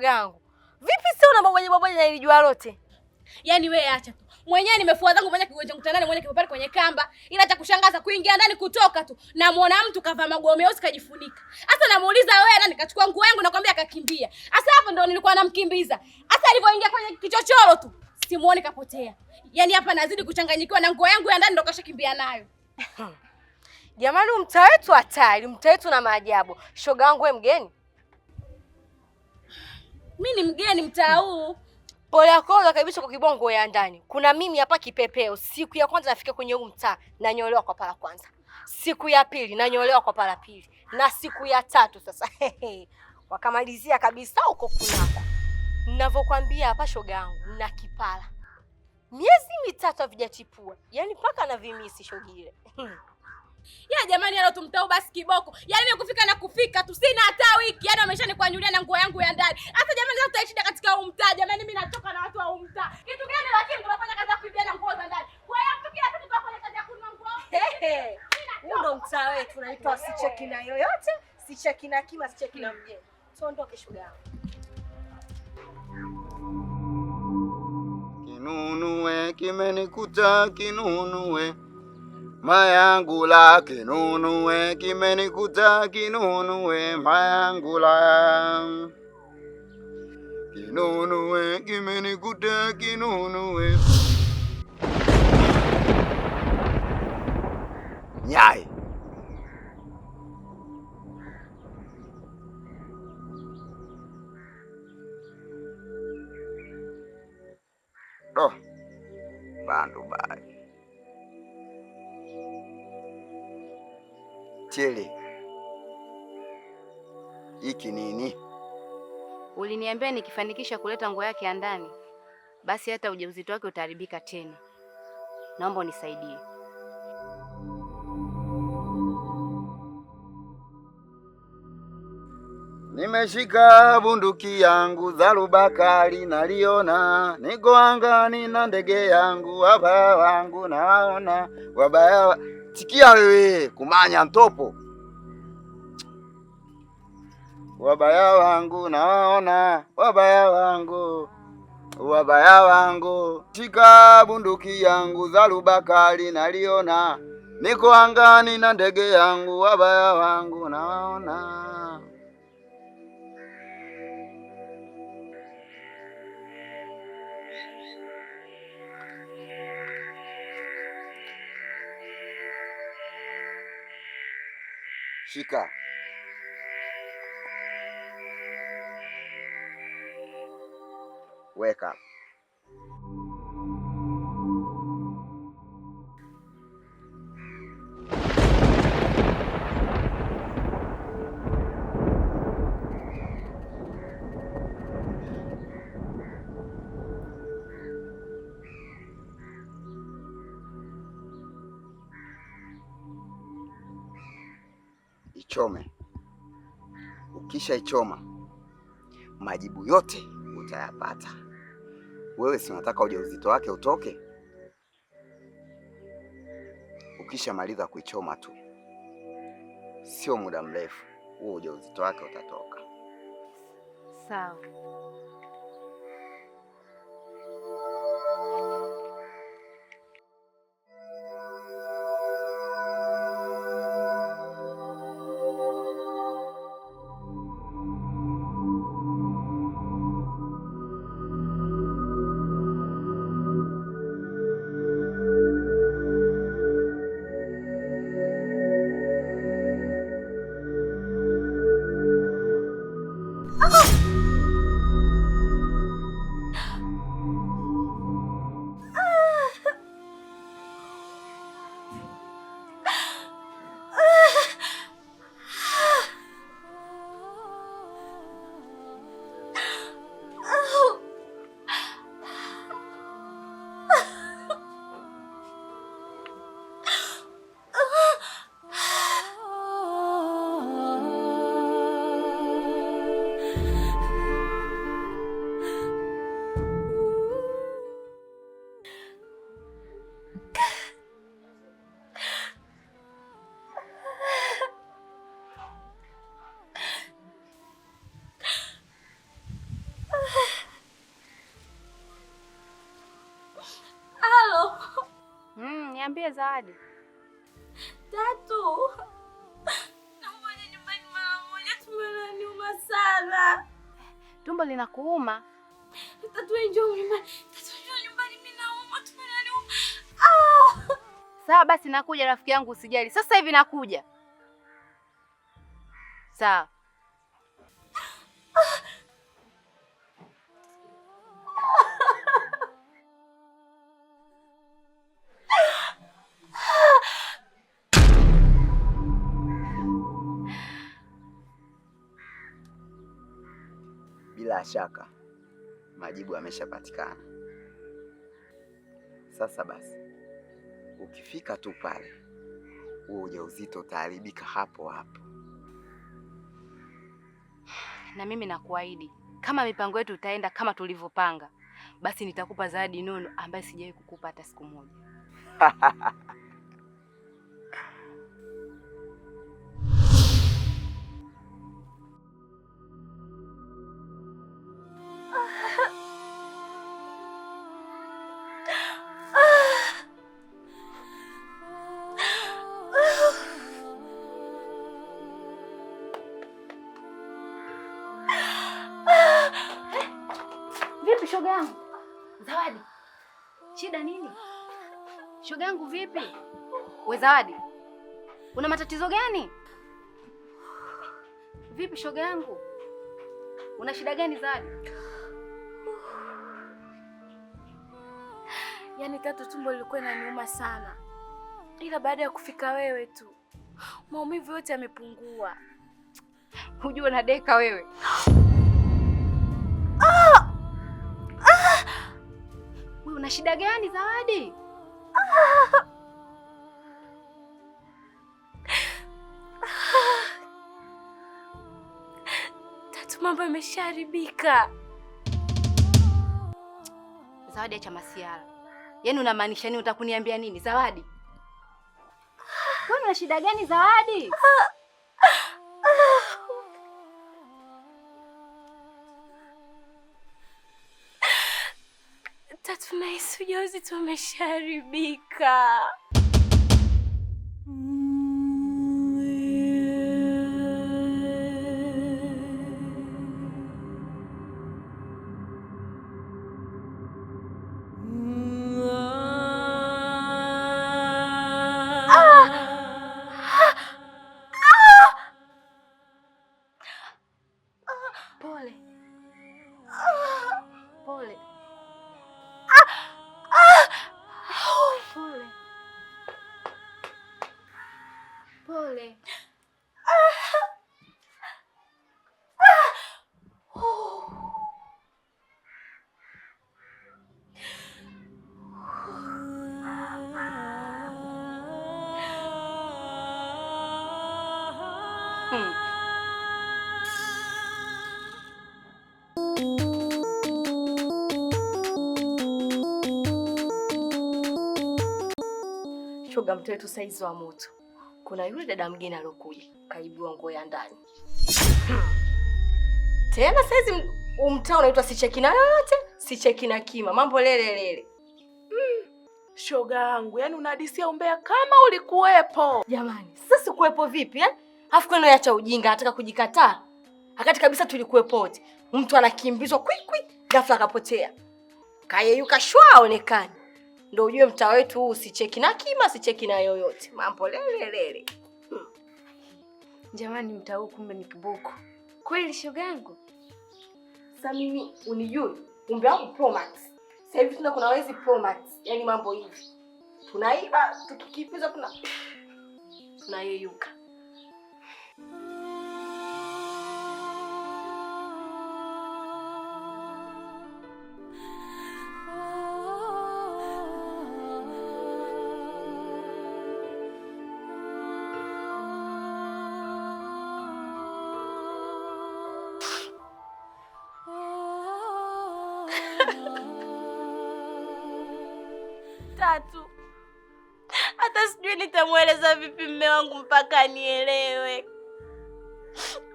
shoga yangu. Vipi sio na mabwenye mabwenye na ilijua lote? Yaani wewe acha tu. Mwenyewe nimefua zangu mwenye kigoja mtandani mwenye kipapari kwenye kamba. Ila cha kushangaza kuingia ndani kutoka tu. Na muona mtu kavaa magome yote kajifunika. Sasa namuuliza wewe nani kachukua nguo yangu na kwambia akakimbia. Sasa hapo ndio nilikuwa namkimbiza. Sasa alipoingia kwenye kichochoro tu. Simuone kapotea. Yaani hapa nazidi kuchanganyikiwa na nguo yangu ya ndani ndio kashakimbia nayo. Hmm. Jamani, mtaa wetu hatari, mtaa wetu na maajabu. Shoga wangu wewe mgeni mi ni mgeni mtaa huu. Pole yakoza kabisa kwa kibongo ya ndani. Kuna mimi hapa kipepeo. Siku ya kwanza nafika kwenye huu mtaa, nanyolewa kwa pala kwanza. Siku ya pili nanyolewa kwa pala pili, na siku ya tatu sasa wakamalizia kabisa huko kunako. Ninavyokwambia hapa, shoga yangu na kipala miezi mitatu havijachipua, yaani mpaka na vimisi shogile Ya jamani, yalo tumtao basi kiboko. Yaani kufika na kufika tu sina hata wiki. Yaani wameshanikwanyulia na nguo yangu ya ndani. Hata jamani sasa tutaishi katika huu mtaa. Jamani mimi natoka na watu wa huu mtaa. Kitu gani lakini tunafanya kazi ya na nguo za ndani. Kwa hiyo mtu kila siku tunafanya kazi ya kununua nguo. Huu ndo mtaa wetu unaitwa sicheki na yoyote, sicheki na kima, sicheki na mjeni. Tuondoke shuga yangu. Kinunue kimenikuta kinunue mayangula kinunue kimenikuta kinunue mayangula kinunue kimenikuta kinunue nyai do bantu bai Chele, hiki nini? Uliniambia nikifanikisha kuleta nguo yake ya ndani, basi hata ujauzito wake utaharibika tena. Naomba unisaidie. Nimeshika bunduki yangu dharubakali naliona, niko angani na ndege yangu, wabaya wangu naona wabaya Sikia wewe kumanya ntopo, wabaya wangu nawaona, wabaya wangu wabaya wangu, shika bunduki yangu za rubakali naliona, niko angani na ndege yangu, wabaya wangu nawaona shika. Weka. Ukisha Ukishaichoma majibu yote utayapata. Wewe si unataka ujauzito wake utoke? Ukishamaliza kuichoma tu, sio muda mrefu huo ujauzito wake utatoka. Sawa. Niambie Zawadi. Tatu. Naomba nyumbani mara moja, tumbo linaniuma sana. Tumbo linakuuma? Tatu njoo nyumbani. Tatu njoo nyumbani, mimi nauma, tumbo linaniuma. Ah! Sawa basi nakuja rafiki yangu usijali. Sasa hivi nakuja. Sawa. Bila shaka majibu yameshapatikana. Sasa basi, ukifika tu pale, huo ujauzito utaharibika hapo hapo. Na mimi nakuahidi, kama mipango yetu itaenda kama tulivyopanga, basi nitakupa zawadi nono ambayo sijawahi kukupa hata siku moja. shoga yangu. Zawadi, shida nini? Shoga yangu vipi? We Zawadi, una matatizo gani? Vipi shoga yangu, una shida gani Zawadi? Yaani Tatu, tumbo lilikuwa inaniuma sana, ila baada ya kufika wewe tu maumivu yote yamepungua. Hujua na deka wewe Una shida gani Zawadi? Ah. Tatu, mambo yameshaharibika. Zawadi, acha masiara. Yaani unamaanisha nini? Utakuniambia nini Zawadi? Wewe una shida gani Zawadi? Ah. Yesu, ujauzito tumesharibika. kwa mtoto saizi wa moto. Kuna yule dada mgeni alokuja kaibiwa nguo ya ndani hmm. tena saizi umtaa unaitwa sicheki na yoyote, sicheki na kima, mambo lele lele. Mm, shoga yangu, yani unahadisia umbea kama ulikuwepo. Jamani, sasa sikuwepo vipi eh? Afu kwani acha ujinga, anataka kujikataa akati kabisa, tulikuwepo wote. Mtu anakimbizwa kwikwi, ghafla akapotea, kayeyuka shwa aonekana ndio ujue mtaa wetu huu sicheki na kima, sicheki na yoyote mambo lelelele. Hmm. Jamani, mtaa huu kumbe ni kiboko kweli, shoga yangu. Sasa unijui umbe wangu Pro Max. Sasa hivi tuna kuna wezi Pro Max, yaani mambo hivi tunaiba tukikipiza tuna tunayeyuka tatu. Hata sijui nitamweleza vipi mme wangu mpaka anielewe,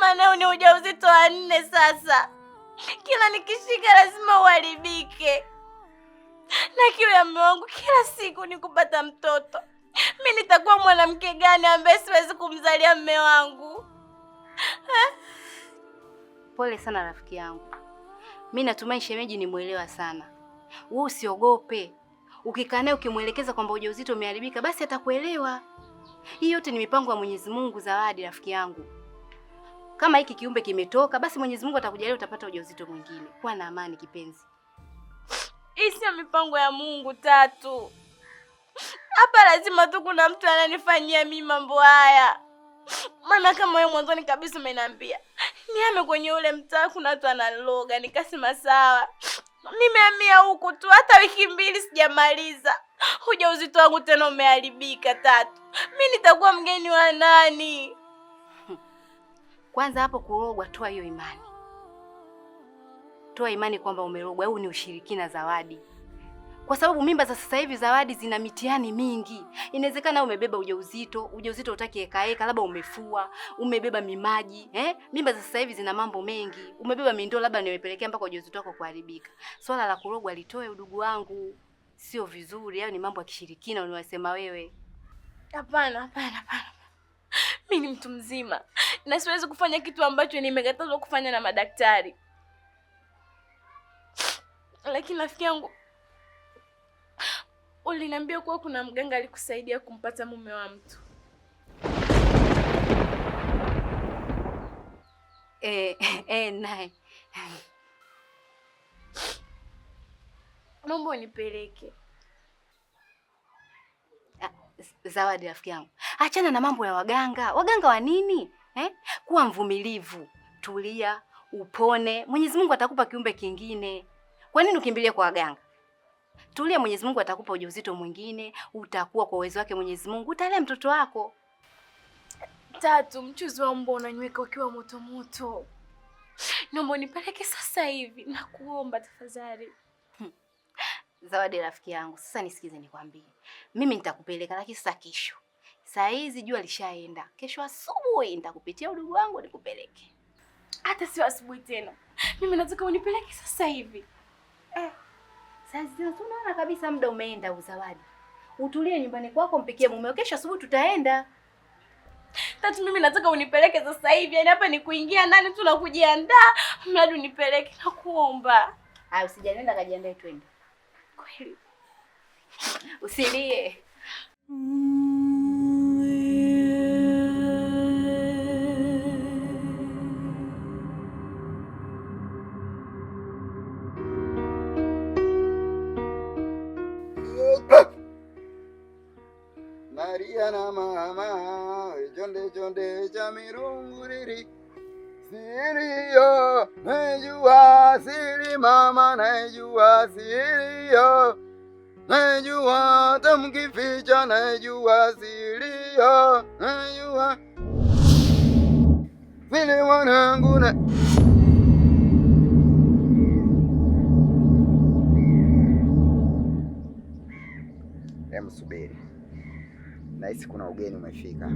maana ni ujauzito wa nne sasa. Kila nikishika lazima uharibike, na kiu ya mme wangu kila siku ni kupata mtoto. Mi nitakuwa mwanamke gani ambaye siwezi kumzalia mme wangu Pole sana rafiki yangu, mi natumai shemeji ni mwelewa sana. Wewe usiogope Ukikaa naye ukimwelekeza kwamba ujauzito umeharibika, basi atakuelewa. Hii yote ni mipango ya Mwenyezi Mungu. Zawadi rafiki yangu, kama hiki kiumbe kimetoka, basi Mwenyezi Mungu atakujalia, utapata ujauzito mwingine. Kuwa na amani kipenzi. Hii sio mipango ya Mungu Tatu. Hapa lazima tu kuna mtu ananifanyia mimi mambo haya, maana kama wewe mwanzoni kabisa umeniambia niame kwenye ule mtaa, kuna watu analoga, nikasema sawa nimeamia huku tu, hata wiki mbili sijamaliza. Ujauzito wangu tena umeharibika. Tatu, mi nitakuwa mgeni wa nani? Kwanza hapo kurogwa, toa hiyo imani, toa imani kwamba umerogwa. Huu ni ushirikina, Zawadi? kwa sababu mimba za sasa hivi Zawadi zina mitihani mingi. Inawezekana umebeba ujauzito, ujauzito utaki eka eka, labda umefua, umebeba mimaji eh? Mimba za sasa hivi zina mambo mengi, umebeba mindo, labda nimepelekea mpaka ujauzito wako kuharibika. Swala la kurogwa litoe, udugu wangu, sio vizuri. Hayo ni mambo ya kishirikina uniwasema wewe. Hapana, hapana, hapana. Mimi ni mtu mzima na siwezi kufanya kitu ambacho nimekatazwa kufanya na madaktari. Lakini rafiki yangu uliniambia kuwa kuna mganga alikusaidia kumpata mume wa mtu. Eh, eh, naye mambo nipeleke ah, Zawadi rafiki yangu, achana na mambo ya waganga. Waganga wa nini eh? Kuwa mvumilivu, tulia, upone. Mwenyezi Mungu atakupa kiumbe kingine. Kwa nini ukimbilie kwa waganga? Tulia, Mwenyezi Mungu atakupa ujauzito mwingine, utakuwa kwa uwezo wake Mwenyezi Mungu, utalea mtoto wako. Tatu, mchuzi wa mbwa unanyweka ukiwa moto moto. Naomba unipeleke sasa hivi, nakuomba tafadhali. Hmm. Zawadi rafiki yangu, sasa nisikize nikwambie. Mimi nitakupeleka lakini sasa kesho. Saa hizi jua lishaenda. Kesho asubuhi nitakupitia udugu wangu nikupeleke. Hata sio asubuhi tena. Mimi nataka unipeleke sasa hivi. Eh. Sasa tunaona kabisa muda umeenda uzawadi. Utulie nyumbani kwako mpikie mume, kesho asubuhi tutaenda. Tatu, mimi nataka unipeleke sasa hivi. Yaani hapa ni kuingia ndani tu na kujiandaa. Mradi unipeleke na kuomba. Ah, kajiandae twende. Kweli. Usilie. Mm. anayejua zilio ayua vile wanangu na Msubiri, nahisi kuna ugeni umefika.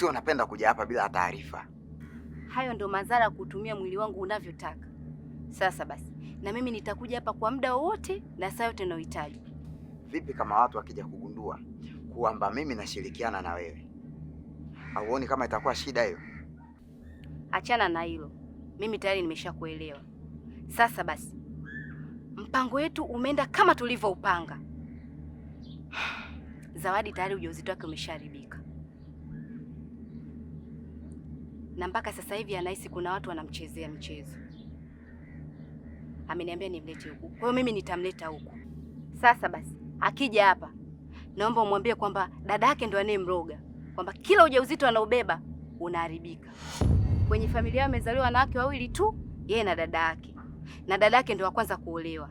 sio unapenda kuja hapa bila taarifa. Hayo ndio madhara kutumia mwili wangu unavyotaka. Sasa basi, na mimi nitakuja hapa kwa muda wowote na saa yote unayohitaji. Vipi kama watu wakija kugundua kwamba mimi nashirikiana na wewe, hauoni kama itakuwa shida hiyo? Achana na hilo, mimi tayari nimeshakuelewa. Sasa basi, mpango wetu umeenda kama tulivyoupanga. Zawadi tayari ujauzito wake umeshaharibika. na mpaka sasa hivi anahisi kuna watu wanamchezea mchezo. Ameniambia nimlete huku, kwa hiyo mimi nitamleta huku. Sasa basi, akija hapa, naomba umwambie kwamba dada yake ndo anayemroga, kwamba kila ujauzito anaobeba unaharibika. Kwenye familia wamezaliwa wanawake wawili tu, yeye na dada yake, na dada yake ndo wa kwanza kuolewa,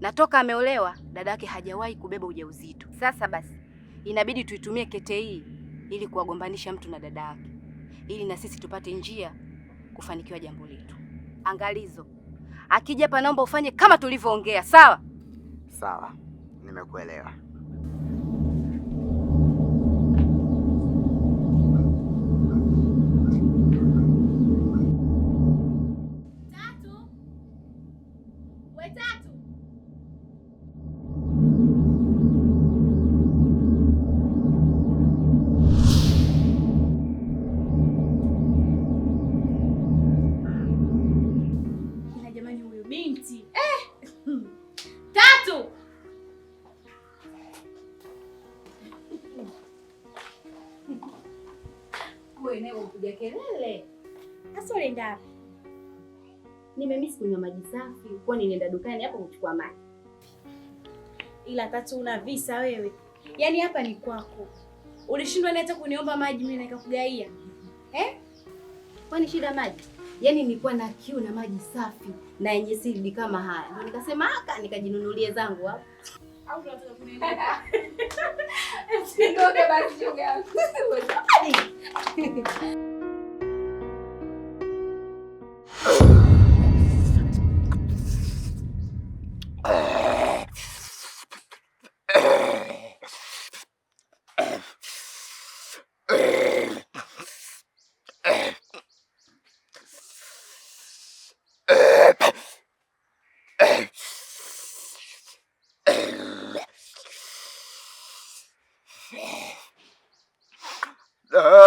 na toka ameolewa dada yake hajawahi kubeba ujauzito. Sasa basi, inabidi tuitumie kete hii ili kuwagombanisha mtu na dada yake ili na sisi tupate njia kufanikiwa jambo letu. Angalizo, akija hapa naomba ufanye kama tulivyoongea, sawa? Sawa, nimekuelewa. Tatu. We tatu. safi, kuwa ninaenda dukani hapo kuchukua maji. Ila tatu, una visa wewe, yaani hapa ni kwako, ulishindwa hata kuniomba maji mimi nikakugaia eh? Kwani shida maji? Yaani nilikuwa na kiu na maji safi na yenye sidi kama haya, ndio nikasema aka nikajinunulie zangu hapo.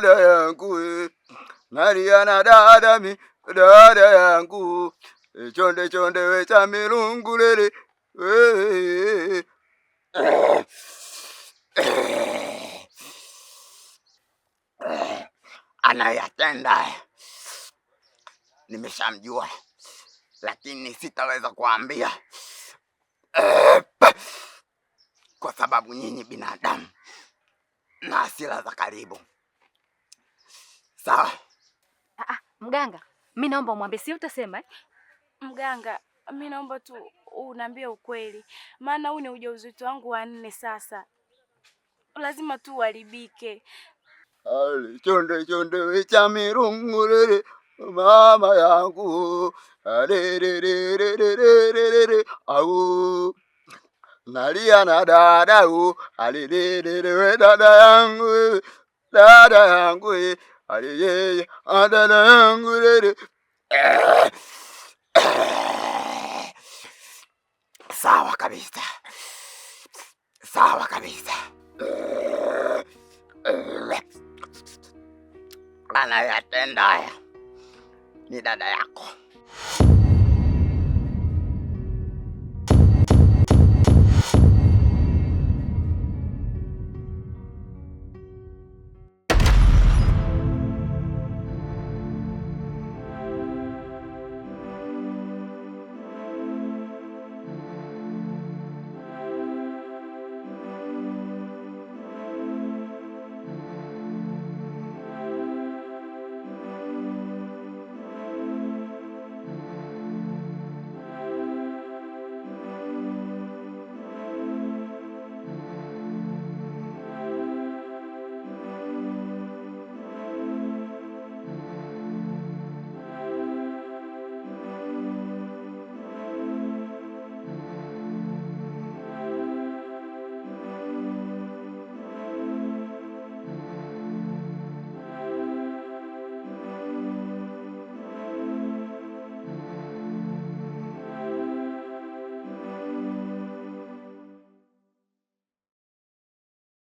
dada yangu Nalia na dada mi dada yangu chonde chonde we cha milungu lele Anayatenda nimeshamjua, lakini sitaweza kuambia kwa sababu nyinyi binadamu na asila za karibu Sawa. Ah, mganga, mi naomba umwambie, si utasema eh? Mganga, mi naomba tu unaambie ukweli, maana huu ni ujauzito wangu wa nne sasa, lazima tu uharibike. Ale chonde cha mirungurere mama yangu alelelelelelelele au nalia na dadau alelelewe dada yangu dada yangu Aliyeye adala yangu lele. Sawa kabisa, sawa kabisa. Anayatendaya ni dada yako.